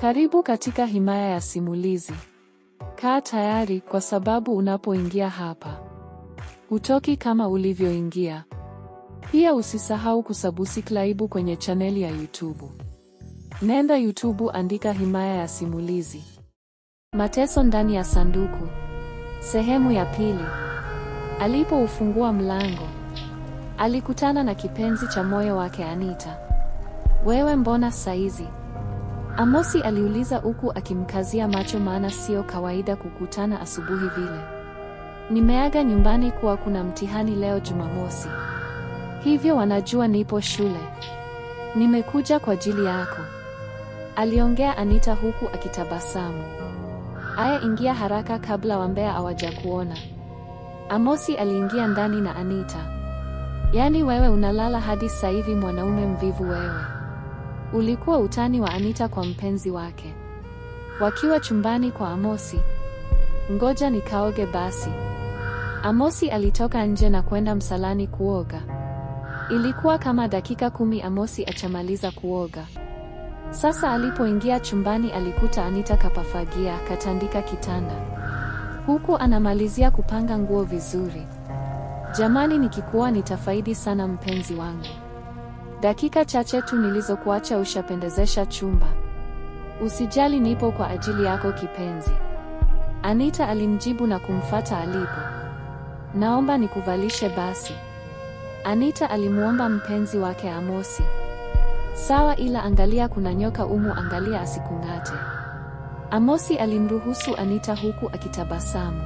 Karibu katika himaya ya simulizi. Kaa tayari kwa sababu unapoingia hapa hutoki kama ulivyoingia. Pia usisahau kusabusi klaibu kwenye chaneli ya YouTube. Nenda YouTube, andika himaya ya simulizi. Mateso ndani ya sanduku, sehemu ya pili. Alipoufungua mlango, alikutana na kipenzi cha moyo wake Anita. Wewe mbona saizi Amosi aliuliza huku akimkazia macho, maana siyo kawaida kukutana asubuhi vile. Nimeaga nyumbani kuwa kuna mtihani leo Jumamosi, hivyo wanajua nipo shule. Nimekuja kwa ajili yako, aliongea Anita huku akitabasamu. Aya, ingia haraka kabla wambea hawajakuona. Amosi aliingia ndani na Anita. Yaani wewe unalala hadi sasa hivi, mwanaume mvivu wewe ulikuwa utani wa Anita kwa mpenzi wake. Wakiwa chumbani kwa Amosi, ngoja nikaoge basi. Amosi alitoka nje na kwenda msalani kuoga. Ilikuwa kama dakika kumi Amosi achamaliza kuoga. Sasa alipoingia chumbani alikuta Anita kapafagia, katandika kitanda. Huku anamalizia kupanga nguo vizuri. Jamani nikikuwa nitafaidi sana mpenzi wangu. Dakika chache tu nilizokuacha ushapendezesha chumba. Usijali, nipo kwa ajili yako kipenzi, Anita alimjibu na kumfata alipo. Naomba nikuvalishe basi, Anita alimwomba mpenzi wake Amosi. Sawa, ila angalia kuna nyoka umu, angalia asikung'ate. Amosi alimruhusu Anita huku akitabasamu.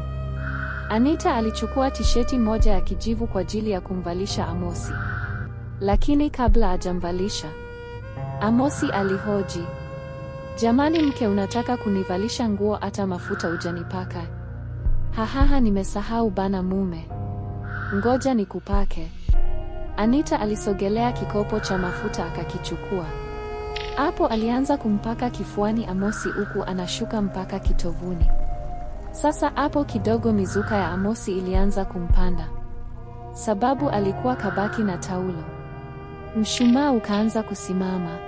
Anita alichukua tisheti moja ya kijivu kwa ajili ya kumvalisha Amosi. Lakini kabla ajamvalisha Amosi alihoji, jamani mke, unataka kunivalisha nguo hata mafuta hujanipaka? Hahaha, nimesahau bana mume, ngoja nikupake. Anita alisogelea kikopo cha mafuta akakichukua. Hapo alianza kumpaka kifuani Amosi huku anashuka mpaka kitovuni. Sasa hapo kidogo mizuka ya Amosi ilianza kumpanda, sababu alikuwa kabaki na taulo. Mshumaa ukaanza kusimama.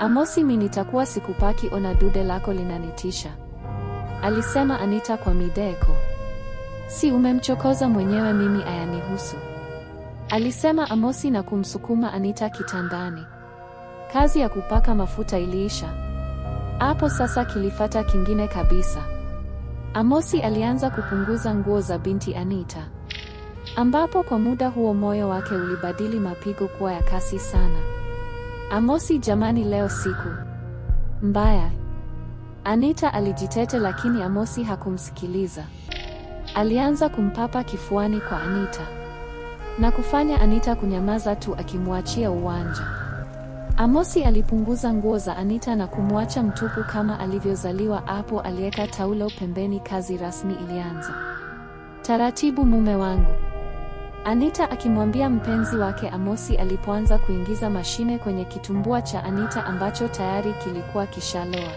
Amosi, mi nitakuwa sikupaki, ona dude lako linanitisha, alisema Anita kwa mideko. Si umemchokoza mwenyewe, mimi ayanihusu, alisema Amosi na kumsukuma Anita kitandani. Kazi ya kupaka mafuta iliisha hapo. Sasa kilifata kingine kabisa. Amosi alianza kupunguza nguo za binti Anita ambapo kwa muda huo moyo wake ulibadili mapigo kuwa ya kasi sana. Amosi jamani, leo siku mbaya. Anita alijitete, lakini Amosi hakumsikiliza. Alianza kumpapa kifuani kwa Anita na kufanya Anita kunyamaza tu, akimwachia uwanja. Amosi alipunguza nguo za Anita na kumwacha mtupu kama alivyozaliwa. Hapo aliweka taulo pembeni, kazi rasmi ilianza. Taratibu mume wangu. Anita akimwambia mpenzi wake Amosi alipoanza kuingiza mashine kwenye kitumbua cha Anita ambacho tayari kilikuwa kishaloa.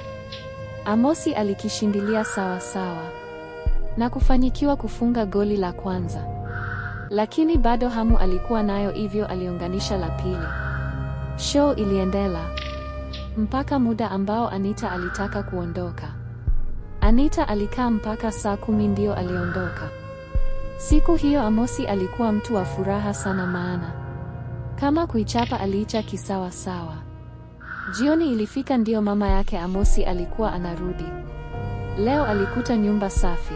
Amosi alikishindilia sawa sawa na kufanikiwa kufunga goli la kwanza. Lakini bado hamu alikuwa nayo hivyo aliunganisha la pili. Show iliendela mpaka muda ambao Anita alitaka kuondoka. Anita alikaa mpaka saa kumi ndio aliondoka. Siku hiyo Amosi alikuwa mtu wa furaha sana maana kama kuichapa aliicha kisawa sawa. Jioni ilifika ndiyo mama yake Amosi alikuwa anarudi. Leo alikuta nyumba safi.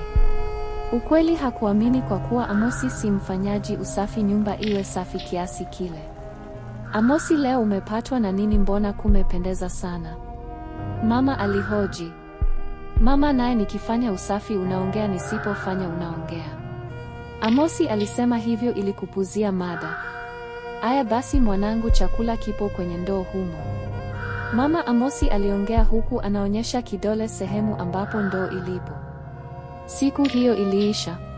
Ukweli hakuamini kwa kuwa Amosi si mfanyaji usafi nyumba iwe safi kiasi kile. Amosi, leo umepatwa na nini? Mbona kumependeza sana? Mama alihoji. Mama naye nikifanya usafi unaongea, nisipofanya unaongea. Amosi alisema hivyo ili kupuzia mada. Aya basi mwanangu, chakula kipo kwenye ndoo humo. Mama Amosi aliongea huku anaonyesha kidole sehemu ambapo ndoo ilipo. Siku hiyo iliisha.